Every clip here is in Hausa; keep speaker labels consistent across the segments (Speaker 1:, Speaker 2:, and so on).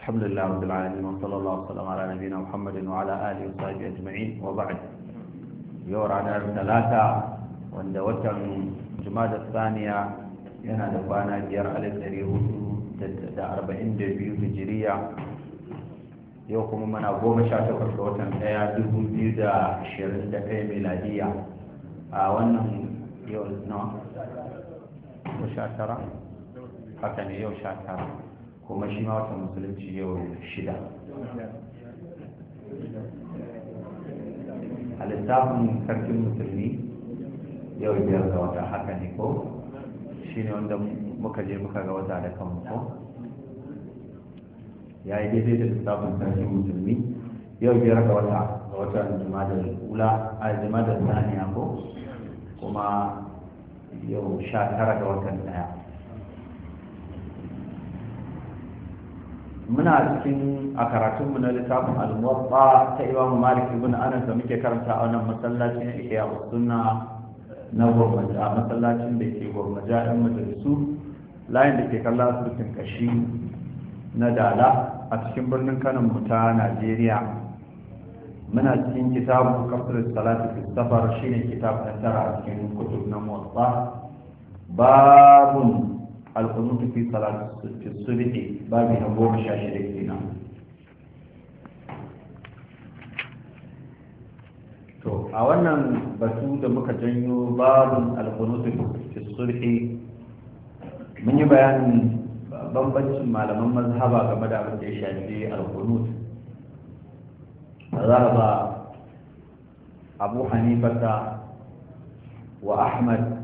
Speaker 1: الحمد لله رب العالمين وصلى الله وسلم على نبينا محمد وعلى وصحبه وبعد على ثلاثة وند وتن جماد الثانية yana da kwana biyar alif ɗari da arba'in da yau kuma mana goma sha takwas ga watan ɗaya dubu biyu ne yau kuma shi ma wata musulunci yau shida a lissafin sarkin musulmi yau biyar ga wata haka ne ko shi ne wanda muka je muka ga wata da kan ko ya yi daidai da lissafin sarkin musulmi yau biyar ga wata ga wata jimadar ula a jimadar saniya ko kuma yau sha tara ga watan daya muna cikin a karatunmu na littafin al-muwatta ta imamu malik ibn anas da muke karanta a wannan masallacin ihya sunna na gurmaja masallacin da ke gurmaja ɗan majalisu layin da ke kalla asibitin kashi na dala a cikin birnin kano mu ta najeriya muna cikin kitabu kafir salatu fi safar shine kitab na tara a cikin kutub na muwatta القنوت في صلاة في الصبح باب أبو مشاشر الدين to a wannan batu da muka janyo babun alkunutu fi sulhi mun yi bayanin bambancin malaman mazhaba game da abin da ya shafi alkunut mazhaba abu hanifata wa ahmad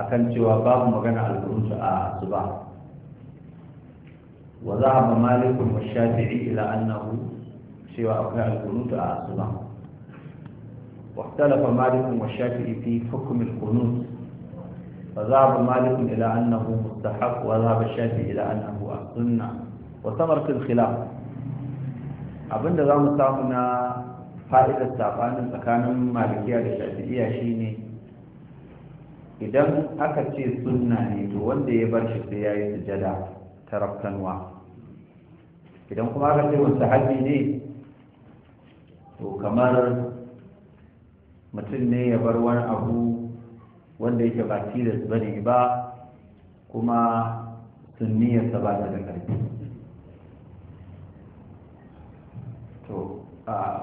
Speaker 1: akan cewa babu magana al a suba wa za zahaba malik wa shafi'i ila annahu cewa akwai al-khuruj a suba wa talafa malik wa shafi'i fi hukm Wa za a zahaba malik ila annahu mustahab wa za zahaba shafi ila annahu a sunnah wa tamarat al Abinda za mu samu na fa'idar sabanin tsakanin malikiya da shafi'iya shine idan aka ce sunna ne to wanda ya bar shi sai ya yi sujada ta rafkanuwa idan kuma aka ce wasu haɗi ne to kamar mutum ne ya bar wani abu wanda yake ba tilas ba ne ba kuma sunniyarsa ba da ƙarfi to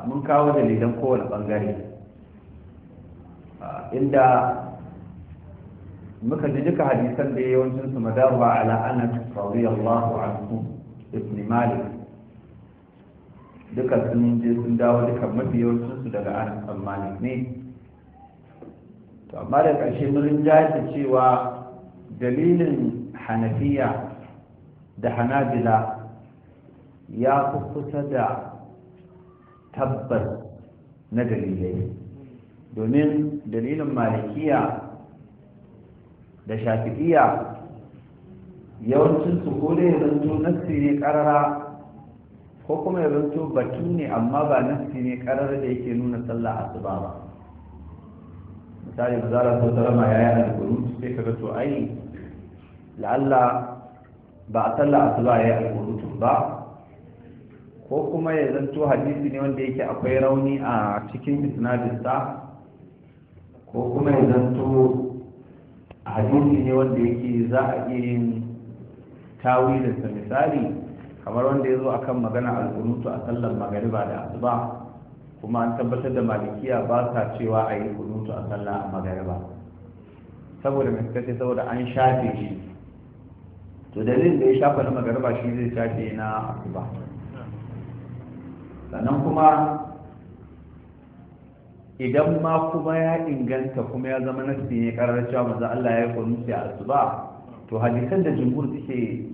Speaker 1: mun kawo dalilan kowane bangare inda muka ji duka hadisan da yawancin su madarwa ala anas radiyallahu anhu ibn malik duka sun je sun dawo duka mafi yawancin su daga anas ibn malik ne to amma da ƙarshe mun rinjaye cewa dalilin hanafiya da hanabila ya kusa da tabbas na dalilai domin dalilin malikiya da shafi'iya yawancin su ko dai zanto nassi ne karara ko kuma ya zanto batu ne amma ba nassi ne karara da yake nuna sallah asuba ba misali mazara sau rama ya yi alƙunutu sai ka to ai la'alla ba a sallah asuba ya yi alƙunutun ba ko kuma ya zanto hadisi ne wanda yake akwai rauni a cikin isnadinsa ko kuma ya zanto hadisi ne wanda yake za a iya yin tawilinsa misali kamar wanda ya zo akan magana alkunutu a sallar magariba da asuba kuma an tabbatar da malikiya ba sa cewa a yi kunutu a sallar magariba saboda mai suka ce saboda an shafe shi to dalilin da ya shafa na magariba shi zai shafe na asuba sannan kuma idan ma kuma ya inganta kuma ya zama nasi ne karar cewa maza Allah ya yi sai a ba to hadisan da jumhur suke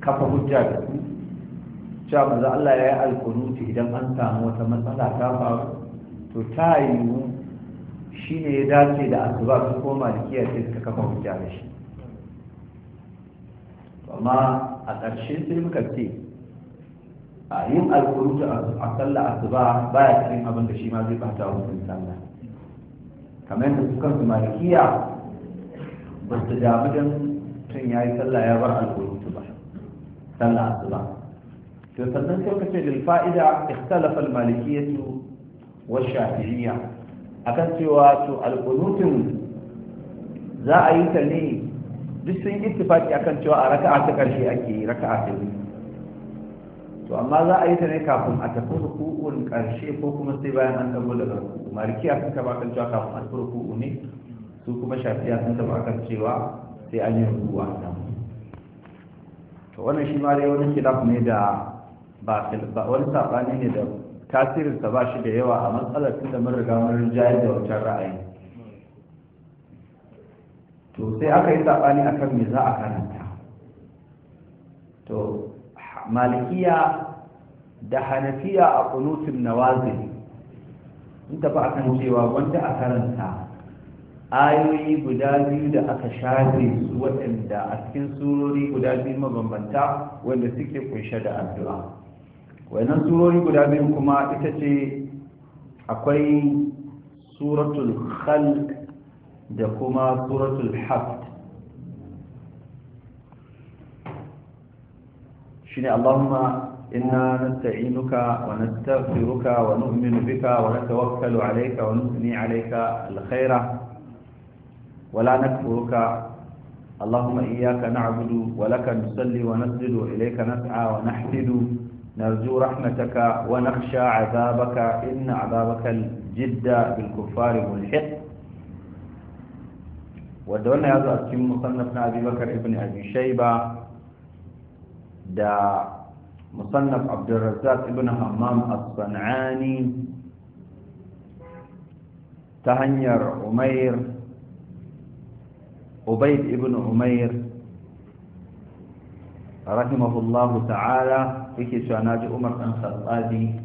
Speaker 1: kafa hujja da su cewa maza Allah ya yi alkunuti idan an samu wata matsala ta faru to ta yiwu shi ne ya dace da asuba su koma kiyar sai suka kafa hujja da shi amma a ƙarshe sai muka ce a yin alkuruta a sallah asuba baya cikin abin da shi ma zai bata wa mutum sallah kamar yadda su kansu malikiya ba su damu don tun ya yi sallah ya bar alkuruta ba sallah asuba to sannan sai kace lil fa'ida ikhtalafa al malikiyatu wa A akan cewa to alkunutun za a yi ta ne duk sun a akan cewa a raka'a ta karshe ake yi raka'a ta biyu to amma za a yi ta ne kafin a tafi ruku'un karshe ko kuma sai bayan an tabo daga ruku'u malikiya sun a kan cewa kafin a tafi ruku'u ne su kuma shafiya sun taba kan cewa sai an yi ruku'u a nan to wannan shi ma dai wani kilaf ne da ba wani sabani ne da tasirinsa ba shi da yawa a matsalar tunda mun riga mun rinjaye da wancan ra'ayi to sai aka yi sabani akan me za a karanta to malikiya da hanafiya a kunutun nawazin. sun tafi a kan cewa wanda a karanta ayoyi guda biyu da aka shafe su waɗanda a cikin surori guda biyu mabambanta wanda suke kunshe da addu'a wannan surori guda biyu kuma ita ce akwai suratul khalq da kuma suratul hafs shine اللهم إنا نستعينك ونستغفرك ونؤمن بك ونتوكل عليك ونثني عليك الخير ولا نكفرك اللهم إياك نعبد ولك نصلي ونسجد إليك نسعى ونحسد نرجو رحمتك ونخشى عذابك إن عذابك الجد بالكفار ملحق ودعونا يا أسكن مصنفنا أبي بكر ابن أبي شيبة da musannaf abdulrazzaq ibn hammam as-san'ani ta hanyar umair ubaid ibn umair rahimahullahu ta'ala yake cewa na ji umar ɗan sarfadi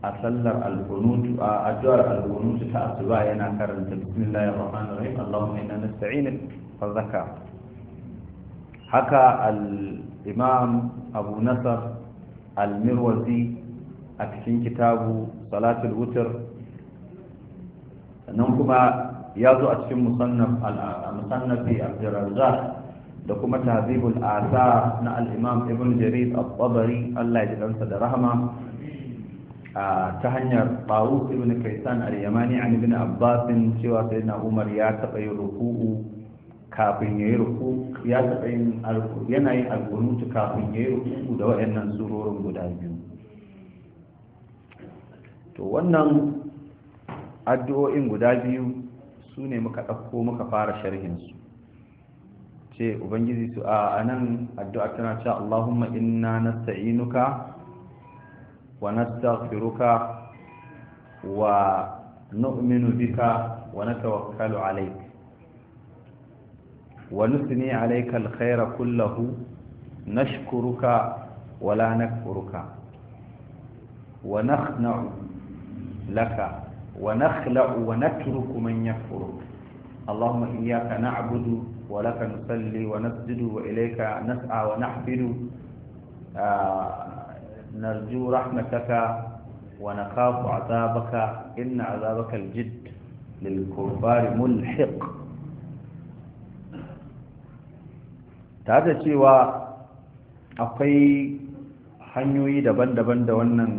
Speaker 1: a sallar alkunutu a addu'ar alkunutu ta asuba yana karanta bismillahir rahmanir rahim allahumma inna nasta'inuka fa haka al imam abu nasar almirwazi a cikin kitabu salatul wutar sannan kuma ya zo a cikin musannafi abdurrazzaq da kuma tahzibul asa na alimam ibn jarir al-tabari Allah ya ji da rahama ta hanyar Tawus ibn kaisan al-Yamani an ibn cewa sayyidina Umar ya taɓa yin ruku'u kafin ya yi ruku ya taɓa yin yana yin alƙunutu kafin ya yi ruku da waɗannan surorin guda biyu to wannan addu'o'in guda biyu su ne muka ɗauko muka fara sharhinsu ce ubangiji su a nan addu'a tana cewa Allahumma inna nasta'inuka wa nastaghfiruka wa nu'minu bika wa na natawakkalu alayk wa nusni alayka alkhayra kullahu nashkuruka wa la nakfuruka wa nakhna'u laka wa nakhla'u wa natruku man yakfuruk allahumma iyyaka na'budu wa laka nusalli wa nasjudu wa ilayka nas'a wa nahfidu نرجو رحمتك ونخاف عذابك tare da cewa akwai hanyoyi daban-daban da wannan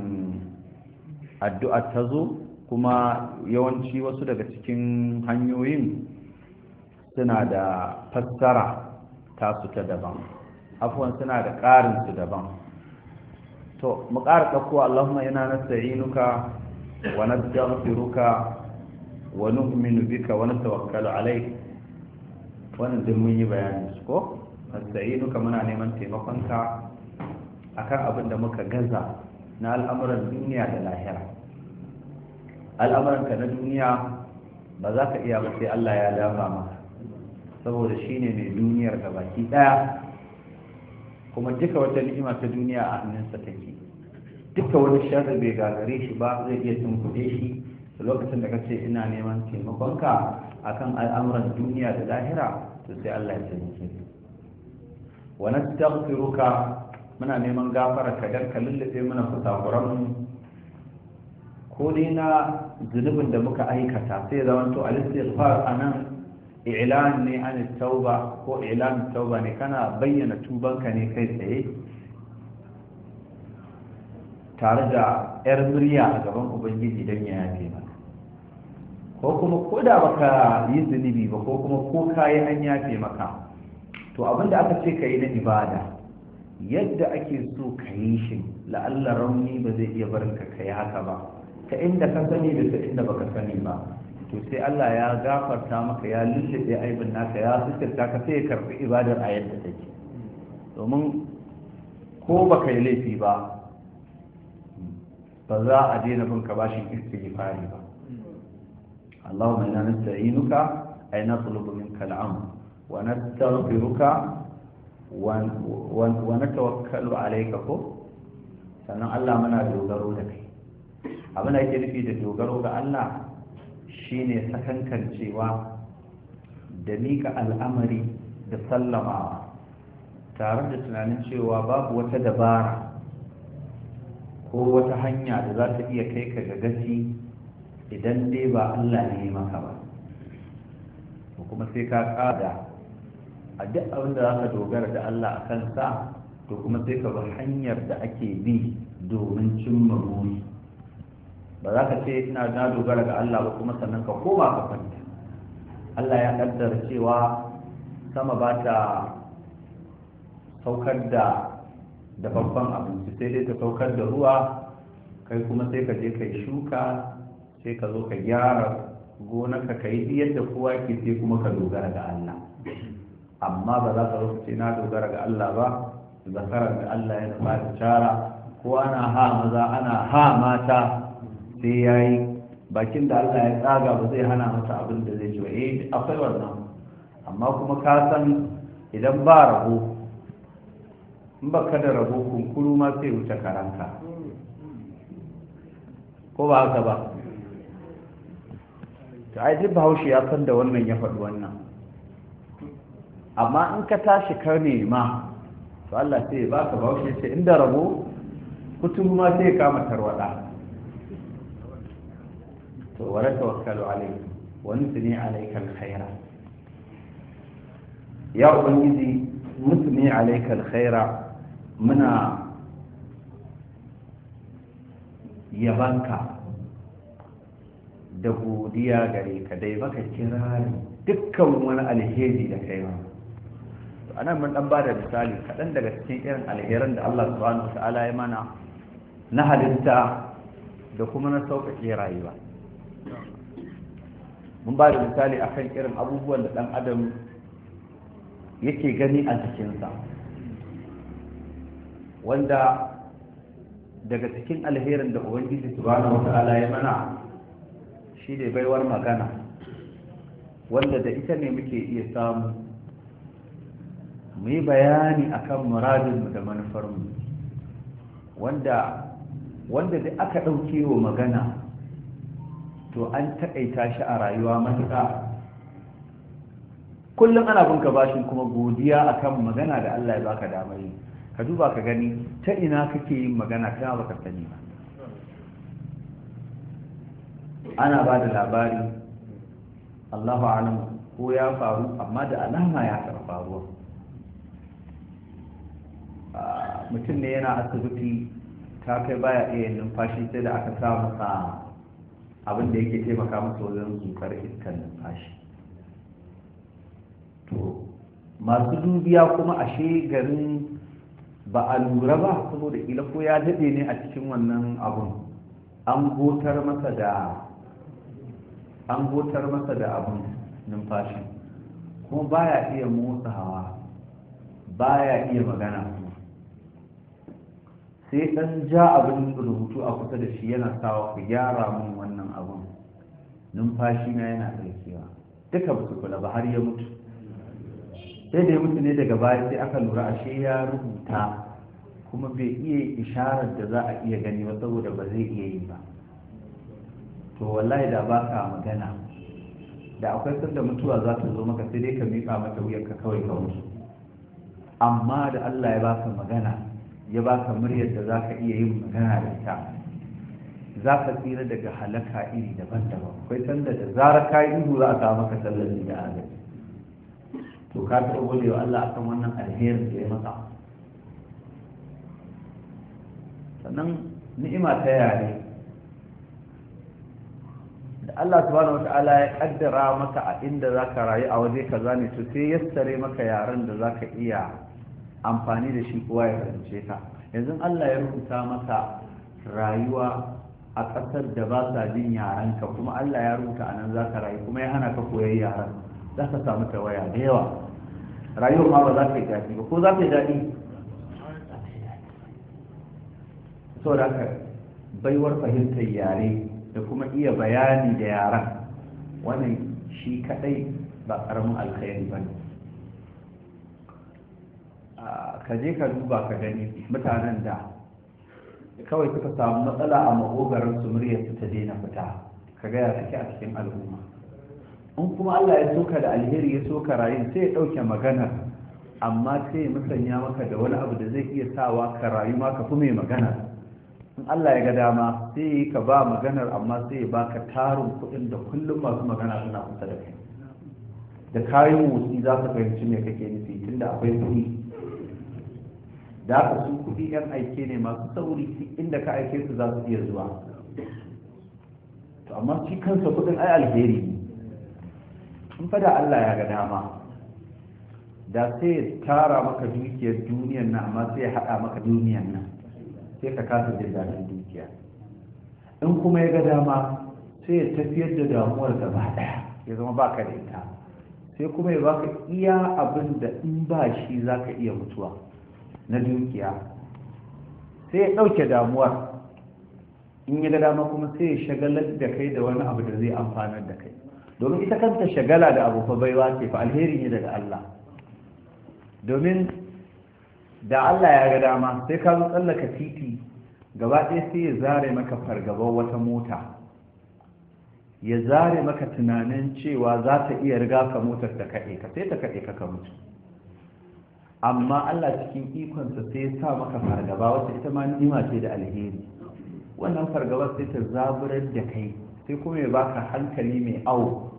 Speaker 1: addu'a ta zo kuma yawanci wasu daga cikin hanyoyin suna da fassara tasu ta daban afuwan suna da ƙarinsu daban to mu ƙara ɗauko allahumma yana nasta'inuka wa nastaghfiruka wa nu'minu bika wa natawakkalu alai wani duk mun yi su ko nasta'inuka muna neman taimakonka akan abin da muka gaza na al'amuran duniya da lahira al'amuranka na duniya ba za ka iya ba sai Allah ya lafa maka saboda shine mai duniyar da baki daya kuma duka wata ni'ima ta duniya a hannunsa take duka wani sharri bai gagare shi ba zai iya tunkuɗe shi lokacin da kace ina neman taimakonka akan al'amuran duniya da lahira to sai Allah ya taimake ka wa nastaghfiruka muna neman gafara ka dan ka lullube muna kusakuran ko dai na zunubin da muka aikata sai zamanto al-istighfar anan ilan ne an tauba ko ilan tauba ne kana bayyana tubanka ne kai tsaye tare da yar murya a gaban ubangiji dan ya yafe maka ko kuma ko da baka yi zunubi ba ko kuma ko kayi an yafe maka to abinda aka ce ka yi na ibada yadda ake so ka yi shi la'alla rauni ba zai iya barin ka kai haka ba ta inda ka sani da ta inda baka sani ba to sai Allah ya gafarta maka ya lullube aibin naka ya fuskanta ka sai ya karbi ibadar a yadda take domin ko baka yi laifi ba ba za a daina bin ka bashin istighfari ba Allahumma inna nasta'inuka ay natlubu minka ونستغفرك ونتوكل عليك كو sannan Allah muna dogaro da kai abin da yake nufi da dogaro ga Allah shine sakankancewa da mika al'amari da sallamawa tare da tunanin cewa babu wata dabara ko wata hanya da za ta iya kai ka ga gaci idan dai ba Allah ne maka ba kuma sai ka kada a duk abin da za ka dogara da Allah a kansa to kuma sai ka bi hanyar da ake bi domin cimma buri ba za ka ce ina na dogara ga Allah ba kuma sannan ka koma ka kwanta Allah ya kaddara cewa sama ba ta saukar da dafaffen abinci sai dai ta saukar da ruwa kai kuma sai ka je kai shuka sai ka zo ka gyara gonaka ka yi yadda kowa ke sai kuma ka dogara ga Allah amma ba za ka rufe na dogara ga Allah ba zakarar da Allah ya nufa da cara ko ana ha maza ana ha mata sai ya yi bakin da Allah ya tsaga ba zai hana masa abin da zai ci ba eh akwai wannan amma kuma ka san idan ba rabo in ba ka da rabo kunkuru ma sai wuce karanka ko ba haka ba ta aji bahaushe ya san da wannan ya faɗi wannan amma in ka tashi ka nema to Allah sai ya baka baushe sai inda rabo kutum ma sai kama tarwada to wala tawakkalu alayhi wa nusni alayka alkhaira ya ubangiji nusni alayka alkhaira muna yabanka da godiya gare ka dai baka kirari dukkan wani alheri da kai mana a nan mun ɗan ba da misali kaɗan daga cikin irin alheran da Allah subhanahu ta'ala ya mana na halitta da kuma na sauƙaƙe rayuwa mun bada da misali kan irin abubuwan da ɗan adam yake gani a jikinsa wanda daga cikin alherin da ubangiji subhanahu ta'ala ya mana shi ne baiwar magana wanda da ita ne muke iya samu mu yi bayani akan muradinmu da manufarmu wanda wanda da aka ɗauke wa magana to an taƙaita shi a rayuwa matuƙa kullum ana bunka bashin kuma godiya akan magana da Allah ya baka damar yi ka duba ka gani ta ina kake yin magana ta baka sani ba ana ba da labari Allahu alamu ko ya faru amma da alama ya taɓa faruwa Ah, mutum ne yana asibiti ta kai baya iya numfashi sai da aka sa masa abin da yake taimaka masa wajen zukar iskar numfashi to masu dubiya kuma ashe garin ba a lura ba saboda ila ko ya daɗe ne a cikin wannan abun an gotar masa da an gotar masa da abin numfashi kuma baya iya motsawa baya iya magana sai ɗan ja abin rubutu a kusa da shi yana sawa ku gyara mun wannan abin numfashi na yana ɗaukewa duka ba su kula ba har ya mutu sai da ya mutu ne daga baya sai aka lura ashe ya rubuta kuma bai iya isharar da za a iya gani ba saboda ba zai iya yi ba to wallahi da ba ka magana da akwai sanda mutuwa za ta zo maka sai dai ka miƙa mata wuyanka kawai ka mutu amma da allah ya ba baka magana ya baka muryar da za ka iya yin magana da ita za ka tsira daga halaka iri daban-daban kai sanda da zara ka yi ihu za a kawo maka sallar da agaji to ka taɓa gode wa Allah akan wannan alherin da ya maka sannan ni'ima ta yare da Allah subhanahu wata'ala ya kaddara maka a inda za ka rayu a waje kaza ne to sai yassare maka yaren da za ka iya amfani da shi kowa ya fahimce ka yanzu Allah ya rubuta maka rayuwa a ƙasar da ba sa jin yaran kuma Allah ya rubuta a nan za ka rayu kuma ya hana ka koyar yaran za ka samu tawaya da yawa rayuwar ma ba za ka yi daɗi ba ko za ka yi daɗi da haka baiwar fahimtar yare da kuma iya bayani da yaran wannan shi kaɗai ba ƙaramin alkhairi ba ne ka je ka duba ka gani mutanen da kawai suka samu matsala a maƙogarin su muryar su ta daina fita ka gaya suke a cikin al'umma in kuma allah ya soka da alheri ya soka rayu sai ya ɗauke maganar amma sai ya musanya maka da wani abu da zai iya sawa ka rayu ma ka fi mai maganar in Allah ya ga dama sai yi ka ba maganar amma sai ya baka tarin kuɗin da kullum masu magana suna kusa da kai da kayan motsi za ka fahimci me kake nufi tunda akwai kuɗi da aka su kuɗi yan aike ne masu sauri inda ka aike su za su iya zuwa to amma shi kansa kuɗin ai alheri ne in fada Allah ya ga dama da sai ya tara maka dukiyar duniyan nan amma sai ya haɗa maka duniyan nan sai ka kasa jin daɗin dukiya in kuma ya ga dama sai ya tafiyar da damuwar gaba ɗaya ya zama baka da ita sai kuma ya baka iya abin da in ba shi za ka iya mutuwa na dukiya sai ya ɗauke damuwa in yi dama kuma sai ya shagalar da kai da wani abu da zai amfanar da kai domin ita kanta shagala da abu fa baiwa ke fa alheri ne daga Allah domin da Allah ya ga dama sai ka zo tsallaka titi gaba ɗaya sai ya zare maka fargabar wata mota ya zare maka tunanin cewa za ta iya riga ka motar ta kaɗe ka sai ta kaɗe ka ka mutu amma Allah cikin ikonsa sai ya sa maka fargaba wacce ita ma ni'ima ce da alheri wannan fargabar sai ta zaburar da kai sai kuma ya baka hankali mai awo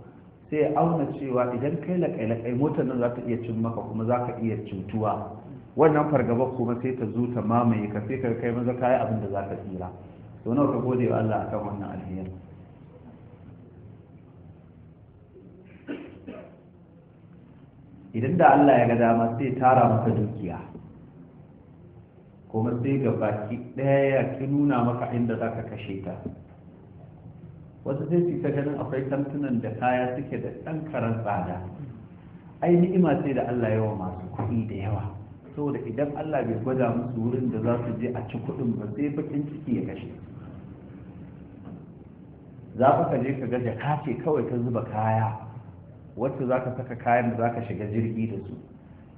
Speaker 1: sai ya auna cewa idan kai laƙai-laƙai motar nan za ta iya cin maka kuma za ka iya cutuwa wannan fargabar kuma sai ta zo ta mamaye ka sai ka kai maza kayi abin da za ka tsira to nawa ka gode wa Allah akan wannan alheri idan da Allah ya ga dama sai tara maka dukiya kuma sai ga baki ɗaya ya ki nuna maka inda za ka kashe ta wasu sai su ta ganin akwai kantunan da kaya suke da ɗan karar tsada ai ni'ima sai da Allah yawa masu kuɗi da yawa saboda idan Allah bai gwada musu wurin da za su je a ci kuɗin ba sai bakin ciki ya kashe za ka je ka ga jaka ce kawai ta zuba kaya wacce za ka saka kayan da za ka shiga jirgi da su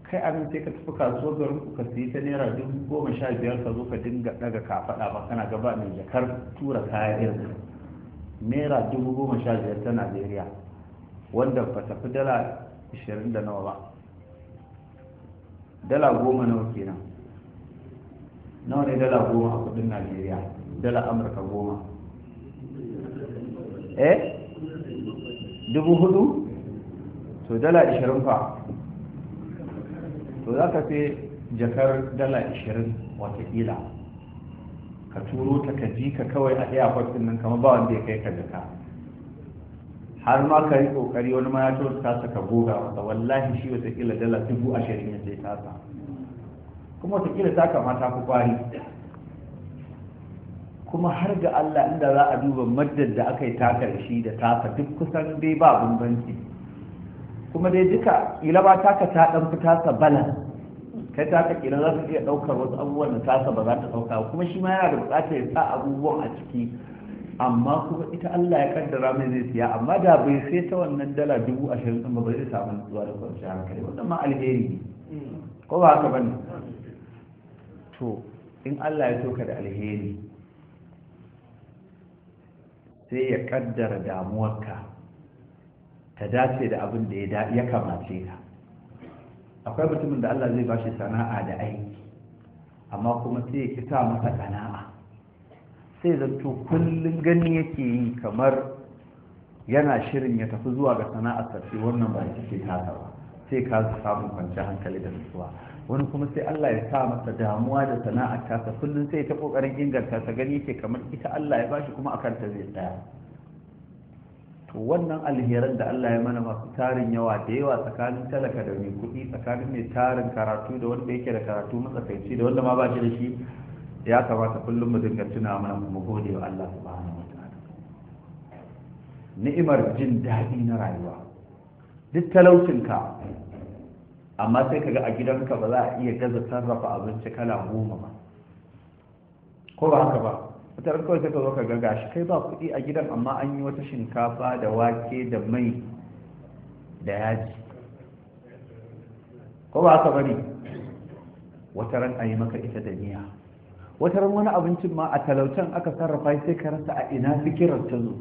Speaker 1: kai abin sai ka tafi kasuwar garin ka siyi ta naira dubu goma sha biyar ka zo ka dinga daga kafaɗa ba kana gaba mai jakar tura kayan irin naira dubu goma sha biyar ta najeriya wanda ba tafi dala ashirin da nawa ba dala goma nawa kenan nawa ne dala goma a kudin najeriya dala amurka goma eh dubu hudu to dala 20 fa to za ka fi jakar dala 20 watakila ka turo ta ka ji ka kawai a ɗaya kwasin nan kama ba wanda ya kai ka jaka har ma ka yi ƙoƙari wani ma ya turo tasa ka goga masa wallahi shi watakila dala dubu ashirin ya sai tasa kuma watakila ta kamata ku kwari kuma har ga Allah inda za a duba madadin da aka yi takar shi da tasa duk kusan dai ba bambanci kuma dai duka kila ba taka ta dan fita sa bala kai ka kila za ka iya daukar wasu abubuwan da ta ba za ta dauka kuma shi ma yana da bukata ya sa abubuwan a ciki amma kuma ita Allah ya kaddara mai zai siya amma da bai sai ta wannan dala dubu ashirin ɗin ba zai samu nutsuwa da kwanciyar hankali wannan ma alheri ne ko ba haka bane to in Allah ya soka da alheri sai ya kaddara damuwarka ta dace da abin da ya kamace ka akwai mutumin da Allah zai ba shi sana'a da aiki amma kuma sai ya kita masa kana'a sai zato kullum gani yake yi kamar yana shirin ya tafi zuwa ga sana'ar sai wannan ba ke tasa ba sai ka samu kwanci hankali da nutsuwa wani kuma sai Allah ya sa masa damuwa da sana'ar tasa kullum sai ta kokarin inganta ta gani yake kamar ita Allah ya bashi kuma a ta zai tsaya to wannan alheran da Allah ya mana masu tarin yawa da yawa tsakanin talaka da mai kuɗi tsakanin mai tarin karatu da wanda yake da karatu matsakaici da wanda ma ba shi da shi ya kamata kullum mu dinga tuna mana mu gode wa Allah subhanahu wataala ni'imar jin daɗi na rayuwa duk talaucin ka amma sai kaga a gidanka ba za a iya gaza sarrafa abinci kala goma ba ko ba haka ba wata ran kawai sai ka zo ka ga gashi kai ba kuɗi a gidan amma an yi wata shinkafa da wake da mai da yaji ko ba ka bari? wata ran a yi maka ita da niyya. wata ran wani abincin ma a talautan aka sarrafa sai ka rasa a ina fikirar ta zo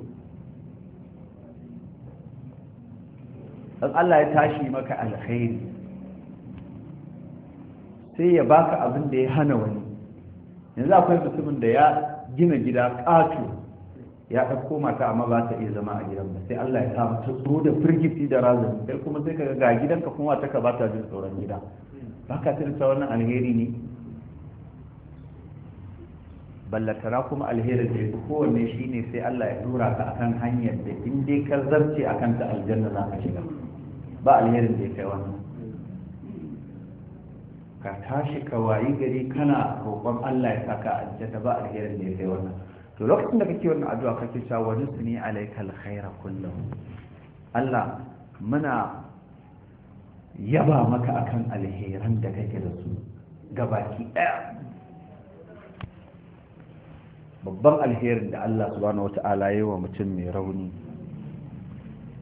Speaker 1: dan Allah ya tashi maka alkhairi sai ya baka abin da ya hana wani yanzu akwai mutumin da ya gina gida ƙato ya ɗauko mata amma ba ta iya zama a gidan ba sai Allah ya sa ta tsoro da firgici da razan sai kuma sai kaga ga gidan ka kuma ta ka ba ta jin tsoron gida ba ka tirsa wannan alheri ne ballatara kuma alheri da ya kowanne shine sai Allah ya dora ka akan hanyar da in dai ka zarce akan ta aljanna za ka shiga ba alherin da ya kai wannan ka tashi ka wayi gari kana roƙon Allah ya saka aljanna ba alherin da sai wannan to lokacin da kake wannan addu'a kake cewa wa nusni alayka alkhaira kullu Allah muna yaba maka akan alheran da kake da su gabaki daya babban alherin da Allah subhanahu wata'ala yi wa mutum mai rauni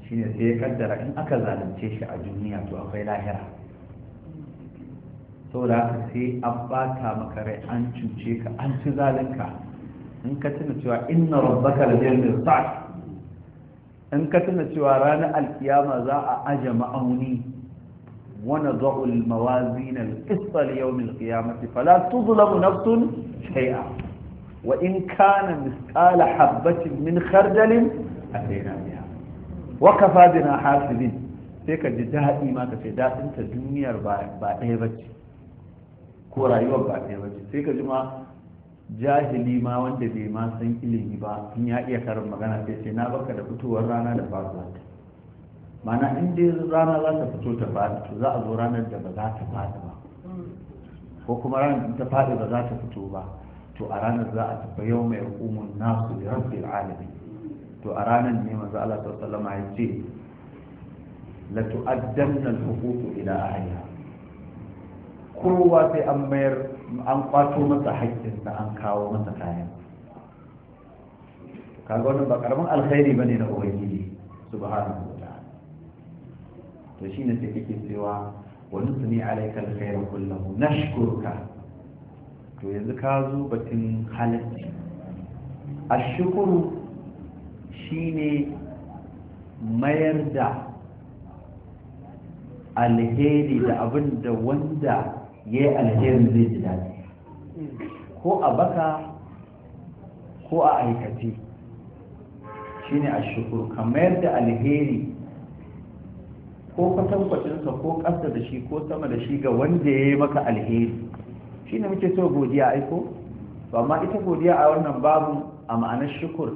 Speaker 1: shine sai ya kaddara in aka zalunce shi a duniya to akwai lahira saboda haka sai an bata maka rai an cuce ka an ci zalinka in ka tuna cewa inna rabbaka la bil mirsad in ka tuna cewa ranar alkiyama za a aje ma'auni wa nadhu al mawazin al qist li yawm al qiyamati fala tuzlamu nafsun shay'a wa in kana mithqala habatin min khardalin atayna biha wa kafa bina hasibin sai ka ji daɗi ma ka ce daɗinta duniyar ba ɗaya ba ce ko rayuwar ba ɗaya ba ce sai ka jima jahili ma wanda bai ma san ilimi ba in ya iya karin magana sai ce na baka da fitowar rana da ta mana in dai rana za ta fito ta faɗi to za a zo ranar da ba za ta faɗi ba ko kuma ranar ta faɗi ba za ta fito ba to a ranar za a tafi yau mai hukumun nasu da rabbi alamin to a ranar ne manzo Allah ta alaihi ya ce la tu'addanna al-huquq ila ahliha kowa sai an mayar an kwato masa haƙƙinsa an kawo masa kayan kaga wannan ba karamin alkhairi bane na ubangiji subhanahu wataala to shine sai kake cewa wa nusni alayka kullum kullahu nashkuruka to yanzu ka zo batun halacci ashkuru shine mayar da alheri da abin da wanda ya yi alherin zai ji daɗi ko a baka ko a aikace shi ne a shukur kamar da alheri ko kwatankwacinsa ko ƙasa da shi ko sama da shi ga wanda ya yi maka alheri shi ne muke so godiya aiko ba ma ita godiya a wannan babu a ma'anar shukur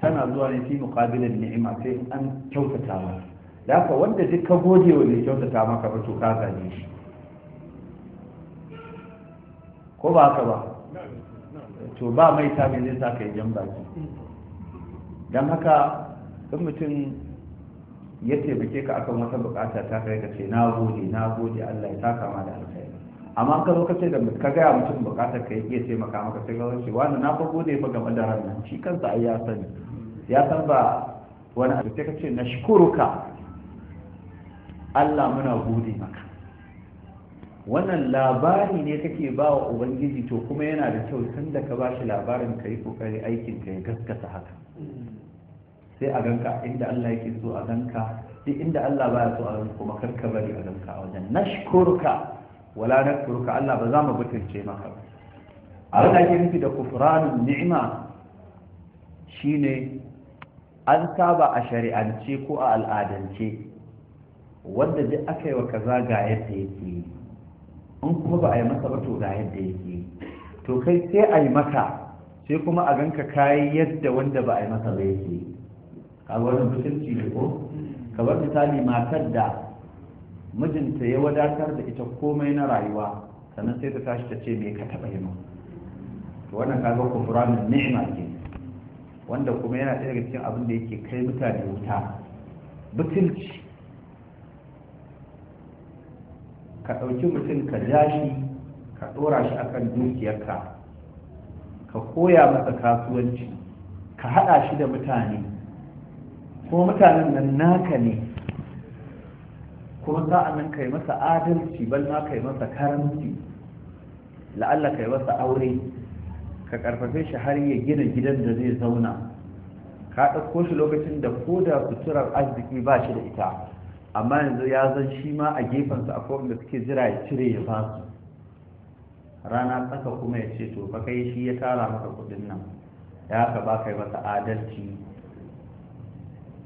Speaker 1: tana zuwa ne fi da ni'ima sai an kyautata maka da haka wanda duk ka gode wa ne kyautata maka ba to ka gane shi ko ba haka ba to ba mai ta me zai sa ka yi jan baki don haka in mutum ya taimake ka akan wata bukata ta kai ka ce na gode na gode Allah ya saka ma da alkhairi amma ka zo ka ce da ka gaya mutum bukatar ka iya taimaka maka sai ka zo ce wani na fa da ya game da ranar shi kansa ai ya sani ya san ba wani abu sai ka ce na ka Allah muna gode maka wannan labari ne kake ba wa ubangiji to kuma yana da kyau tun da ka bashi labarin ka yi kokari aikin ka ya gaskata haka sai a ganka inda Allah yake so a ganka duk inda Allah baya so a ganka kuma kar ka bari a ganka a wajen nashkurka wala nakfurka Allah ba za mu butulce maka ba A da ake nufi da kufranun ni'ima shine an saba a shari'ance ko a al'adance wanda duk aka yi wa kaza ga yadda yake yi in kuma ba a yi masa ba to ga yadda yake to kai sai a yi maka sai kuma a ganka kayi yadda wanda ba a yi masa ba yake a wurin mutunci ne ko bar misali matar da mijinta ya wadatar da ita komai na rayuwa sannan sai ta tashi ta ce me ka taɓa yi to wannan kaga kufranin ni'ima ke wanda kuma yana ɗaya daga cikin abin da yake kai mutane wuta butulci ka ɗauki mutum ka ja shi ka ɗora shi a kan dukiyarka ka koya masa kasuwanci ka haɗa shi da mutane ko mutanen nan naka ne kuma sa'an nan kai masa adalci bal ma kai masa karanci la'alla kai masa aure ka ƙarfafe shi har ya gina gidan da zai zauna ka ɗauko shi lokacin da ko da suturar arziki ba shi da ita amma yanzu ya zan shi ma a gefensa a kowanne suke jira ya cire ya ba su rana tsaka kuma ya ce to fa kai shi ya tara maka kudin nan ya ka ba kai masa adalci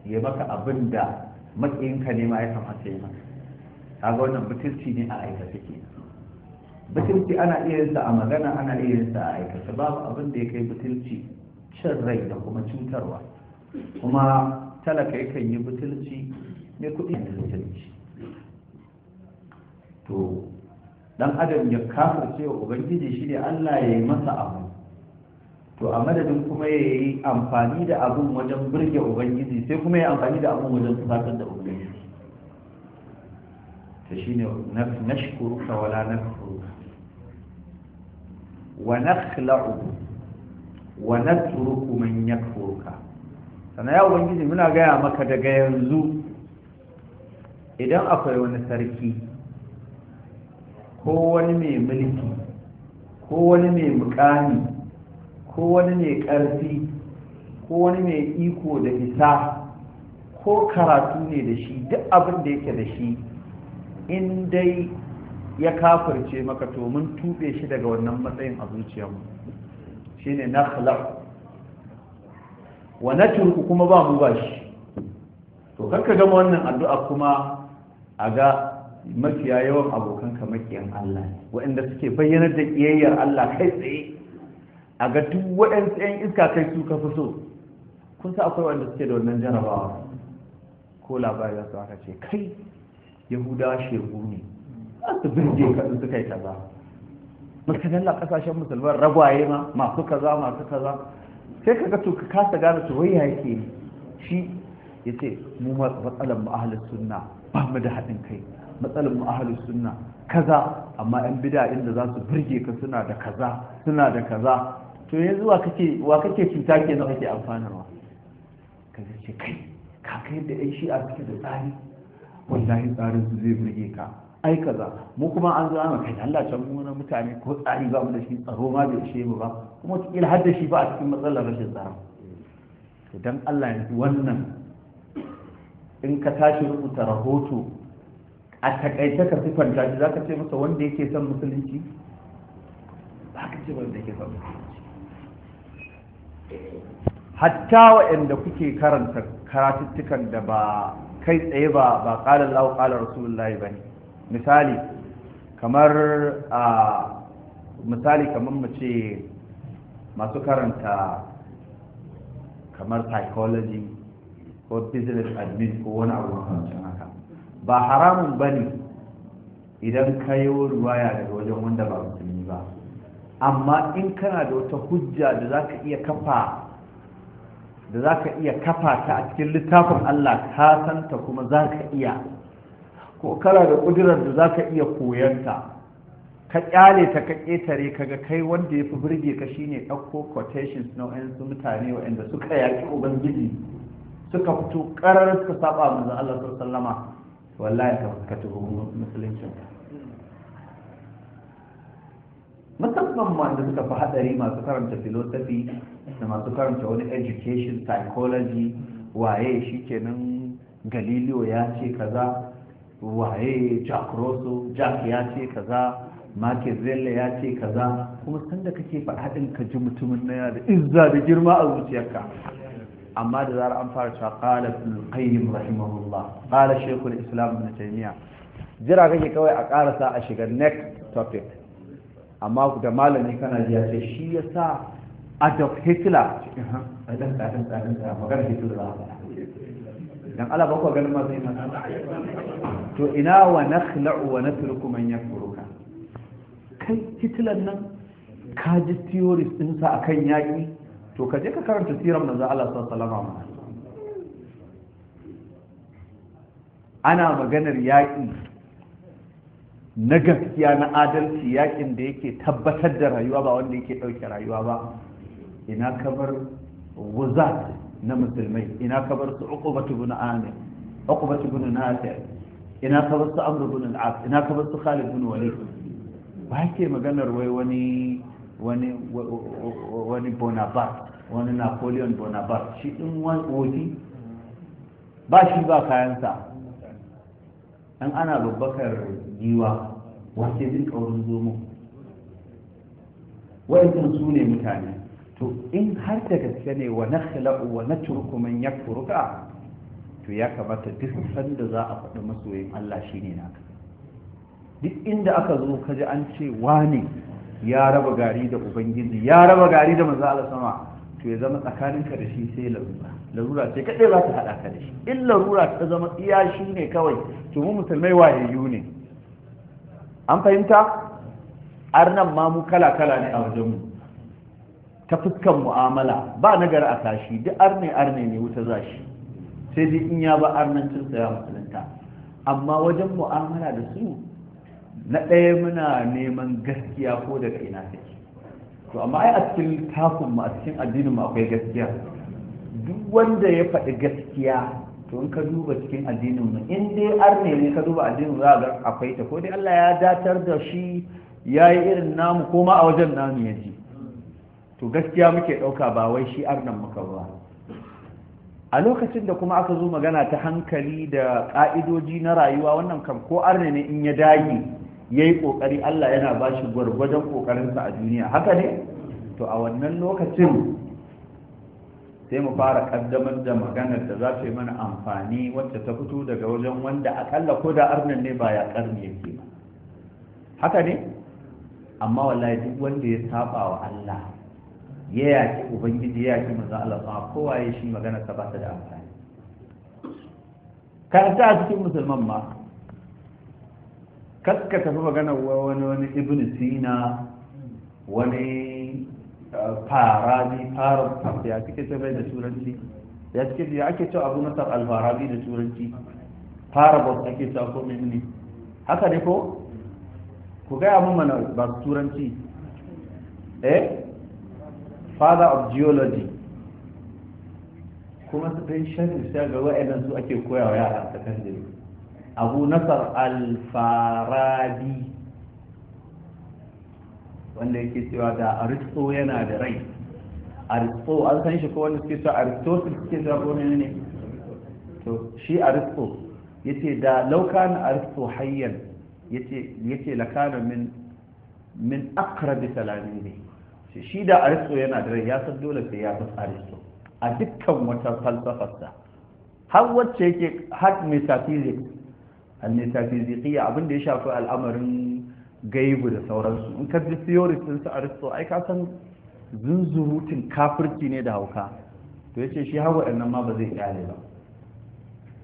Speaker 1: ya maka abin da makiyinka ne ma ya kamata ya maka ga wannan butulci ne a aikace ke butulci ana iya yinsa a magana ana iya yinsa a a aikace babu abin da ya kai butulci cin rai da kuma cutarwa kuma talaka yakan yi butulci mai kudi da mutunci to dan adam ya kafar cewa ubangiji shi ne allah ya yi masa abu to a madadin kuma ya yi amfani da abun wajen birge ubangiji sai kuma ya amfani da abun wajen fusatar da ubangiji ta shi ne na shukuruka wala na shukuruka wa na khla'u wa na turuku man ya sana ya ubangiji muna gaya maka daga yanzu idan akwai wani sarki ko wani mai mulki ko wani mai mukami ko wani mai ƙarfi ko wani mai iko da isa ko karatu ne da shi duk abin da yake da shi in dai ya kafirce maka to mun tube shi daga wannan matsayin a zuciyarmu shi ne na wa na kuma ba mu ba shi to karka gama wannan addu'a kuma a ga mafiya yawan abokanka ka makiyan Allah waɗanda suke bayyanar da ƙiyayyar Allah kai tsaye a ga duk waɗansu 'yan iska kai su ka fi so kun sa akwai waɗanda suke da wannan jarabawa ko labari su aka ce kai Yahuda, shegu ne za su birge ka suka yi kaza muka dalla kasashen musulman ragwaye ma masu kaza masu kaza sai ka ga to ka kasa gane to wai yake shi ya ce mu matsalar ahalus sunna ba mu da haɗin kai matsalar mu ahalus sunna kaza amma yan bida inda za su birge ka suna da kaza suna da kaza to yanzu wa kake cuta ke na kake amfanarwa ka ce kai ka kai da yan shi'a suke da tsari wallahi tsarin su zai birge ka ai kaza mu kuma an zo ana kai Allah can mu mutane ko tsari ba mu da shi tsaro ma bai ishe mu ba kuma kila har da shi ba a cikin matsalar rashin tsaro to dan Allah yanzu wannan in ka tashi rubuta rahoto a takaice ka sifanta shi za ka ce masa wanda yake son musulunci ba ka ce wanda yake son musulunci hatta waɗanda kuke karanta karatuttukan da ba kai tsaye ba ba ƙalar lau ƙalar rasulullahi ba ne misali kamar a misali kamar mace masu karanta kamar psychology ko business admin ko wani abu makamancin haka ba haramun ba ne idan ka yi ruwaya daga wajen wanda ba musulmi ba amma in kana da wata hujja da za ka iya kafa da za iya kafa ta a cikin littafin Allah ka ta kuma za ka iya ko kana da kudirar da za ka iya koyanta ka kyale ta ka ƙetare ga kai wanda ya fi burge ka shine ɗauko quotations na su mutane waɗanda suka yaƙi ubangiji suka fito karar suka saba da Allah sallama wallahi ka ka tuhu musulunci musamman ma da suka fi hadari masu karanta philosophy da masu karanta wani education psychology waye shi kenan galileo ya ce kaza waye jack rosso jack ya ce kaza Zelle ya ce kaza kuma sanda kake faɗaɗin ka ji mutumin na yada izza da girma a zuciyarka amma da zara an fara cewa qala ibn qayyim rahimahullah qala shaykhul islam ibn taymiya jira kake kawai a karasa a shiga next topic amma da malami kana ji sai shi yasa Adolf Hitler cikin ha adan magana Hitler ba dan Allah ba ku ganin ma sai to ina wa nakhla'u wa natruku man yakfuruka kai Hitler nan ka ji theories din sa akan yaki to ka je ka karanta siran manzo Allah sallallahu alaihi ana maganar yaƙi na gaskiya na adalci yaƙin da yake tabbatar da rayuwa ba wanda yake ɗauke rayuwa ba ina kamar wuzat na musulmai ina kamar su uqubatu bin amir uqubatu bin nasir ina kamar su amr bin al-as ina kamar su khalid bin walid ba ke maganar wai wani wani wani bonaparte wani napoleon bonaparte shi ɗin wani ba shi ba kayansa an ana babbakar giwa wace zai ƙaurin zomo wa'in su ne mutane to in har da gaske ne wa na khila'u wa na turkuman ya turuka to ya kamata duk sanda za a faɗi masoyin Allah shi ne naka duk inda aka zo kaji an ce wane ya raba gari da ubangiji ya raba gari da manzo Allah sama to ya zama tsakaninka da shi sai larura larura ce kadai za ta hada ka da shi in larura ta zama iya shi ne kawai to mu musulmai wayayyu ne an fahimta arnan ma mu kala kala ne a wajen mu ta fuskan mu'amala ba nagara a tashi duk arne arne ne wuta zashi sai dai in ya ba arnan sa ya musulunta amma wajen mu'amala da su na ɗaya muna neman gaskiya ko da ina take to amma ai a cikin takun mu a cikin addinin mu akwai gaskiya duk wanda ya faɗi gaskiya to in ka duba cikin addinin mu in dai arne ne ka duba addinin za ga akwai ta ko dai Allah ya datar da shi ya yi irin namu ko ma a wajen namu ya ji to gaskiya muke ɗauka ba wai shi arnan muka ba a lokacin da kuma aka zo magana ta hankali da ƙa'idoji na rayuwa wannan kam ko arne ne in ya dage yayi ƙoƙari Allah yana ba shi gwargwadon kokarinsa a duniya haka ne to a wannan lokacin sai mu fara kaddamar da maganar da za ta yi mana amfani wacce ta fito daga wajen wanda akalla ko da arnan ne ba ya karni yake ba haka ne amma wallahi duk wanda ya saba wa Allah ya yaki ubangiji ya yaki manzo Allah ba kowa ya shi magana ta ba ta da amfani kan a cikin musulman ma kaska tafi magana wani wani ibn sina wani eh, farabi farab ya suke ce bai da turanci ya suke ya ake cewa abu nasar alfarabi da turanci farabot ake cewa ko ne haka ne ko ku gaya mun mana ba turanci eh father of geology kuma su kai shan sai ga wa'annan su ake koyawa yara a sakandare abu nasar alfarabi wanda yake cewa da aristo yana da rai aristo an san shi ko wani suke cewa aristo su suke cewa ko ne ne to shi aristo yace da laukan aristo hayyan yace yace lakana min min aqrab talamidi shi da aristo yana da rai ya san dole sai ya san aristo a dukkan wata falsafarsa har wacce yake har metaphysics al-metafiziqiyya abin da ya shafi al'amarin gaibu da sauransu in ka ji theory din su aristo ai ka san zunzurutun kafirci ne da hauka to yace shi har ɗannan ma ba zai kyale ba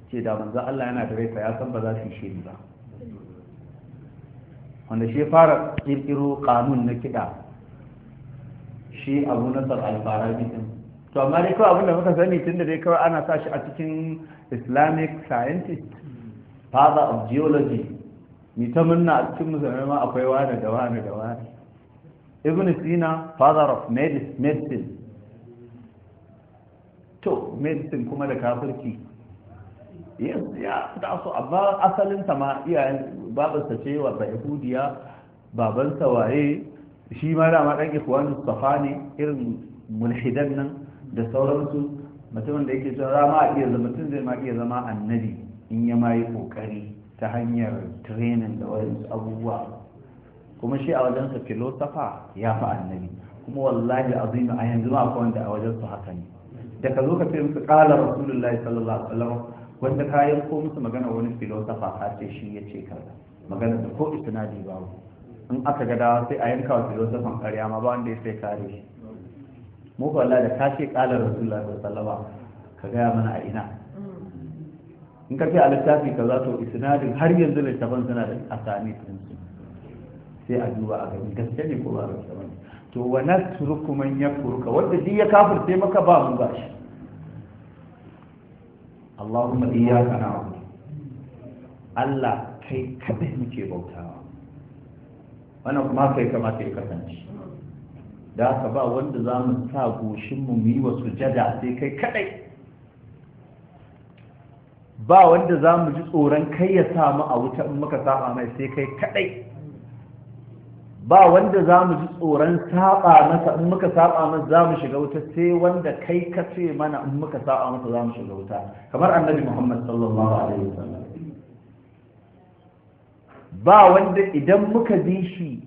Speaker 1: ce da manzo Allah yana da raifa ya san ba za su shiri ba wanda shi fara kirkiro kanun na kiɗa shi abu nasar farabi din to amma dai kawai da muka sani tun da dai kawai ana sa shi a cikin islamic scientist father of geology ni ta murna a cikin musulmai ma akwai wane da wane da wane ibn sina father of medicine to medicine kuma da kafirci ya taso amma asalinsa ma iyayen babansa ce wa ba yahudiya babansa waye shi ma da ma dan ikwan safani irin mulhidan nan da sauransu mutumin da yake cewa a iya zama mutum zai ma iya zama annabi in ya ma yi kokari ta hanyar training da wayansu abubuwa kuma shi a wajensa filosofa ya fi annabi kuma wallahi azimi a yanzu ma akwai wanda a wajensu haka ne da ka zo ka ce musu kala rasulullahi sallallahu alaihi wasallam wanda ka yanko musu magana wani filosofa har sai shi ya ce kaza magana da ko isnadi babu in aka ga dawa sai a yanka wa filosofan ƙarya ma ba wanda ya sai kare shi mu wallahi da ka ce kala rasulullahi sallallahu alaihi wasallam ka gaya mana a ina in ka ce a littafi za to isnadin har yanzu littafan suna da asani din su sai a duba a gani gaske ne ko ba da ba to wa nasruku man furka? wanda shi ya kafirce maka ba mu bashi Allahumma iyyaka na'budu Allah kai kadai muke bautawa wannan kuma kai kamata ya kasance da haka ba wanda za mu sa goshin mu yi wa sujada sai kai kadai ba wanda za mu ji tsoron kai ya samu a wuta in muka saba mai sai kai kadai ba wanda za mu ji tsoron saba masa in muka saba masa za mu shiga wuta sai wanda kai ka ce mana in muka saba masa za mu shiga wuta kamar annabi muhammad sallallahu alaihi wasallam ba wanda idan muka bi shi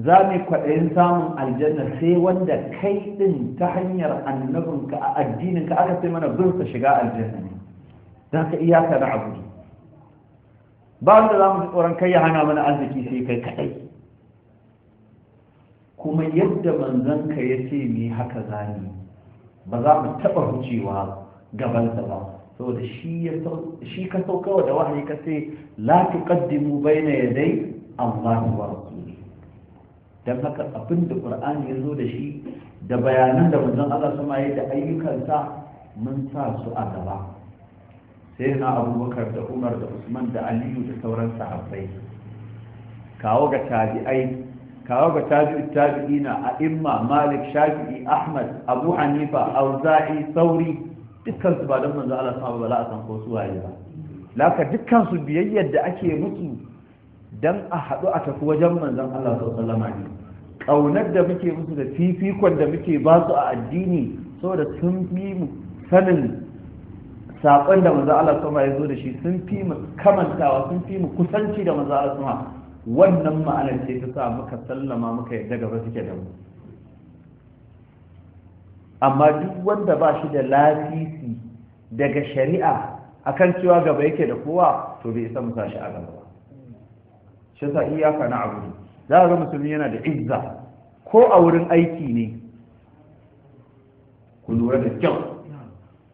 Speaker 1: za mu kwaɗayin samun aljanna sai wanda kai ɗin ta hanyar annabinka a addininka aka sai mana bin shiga aljanna ne zaka ka iyaka na abu ba wanda za mu tsoron kai ya hana mana arziki sai kai kaɗai kuma yadda manzanka ya ce ni haka zani ba za mu taɓa wucewa gabansa ba saboda shi ka saukawa da wahayi ka ce la tuqaddimu baina yaday Allah wa rasuli dan haka abin da Qur'ani ya zo da shi da bayanan da manzon Allah sama yayi da ayyukansa mun sa su a gaba sai na abubakar da umar da usman da aliyu da sauran sahabbai kawo ga tabi'ai kawo ga tabi'ina a imma malik shafi'i ahmad abu hanifa auza'i sauri dukkan su ba don manzo Allah sama ba san ko su waye ba laka dukkan su biyayyar da ake musu dan a haɗu a tafi wajen manzon Allah sallallahu alaihi kaunar da muke musu da fifikon da muke ba su a addini saboda sun bi mu sanin saƙon da maza Allah sama ya zo da shi sun fi mu kamantawa sun fi mu kusanci da maza Allah sama wannan ma'anar ce ta sa muka sallama muka yadda gaba suke da mu amma duk wanda ba shi da lafisi daga shari'a akan cewa gaba yake da kowa to bai isa musa shi a gaba ba shi sa iyaka na abu za a ga musulmi yana da izza ko a wurin aiki ne ku lura da kyau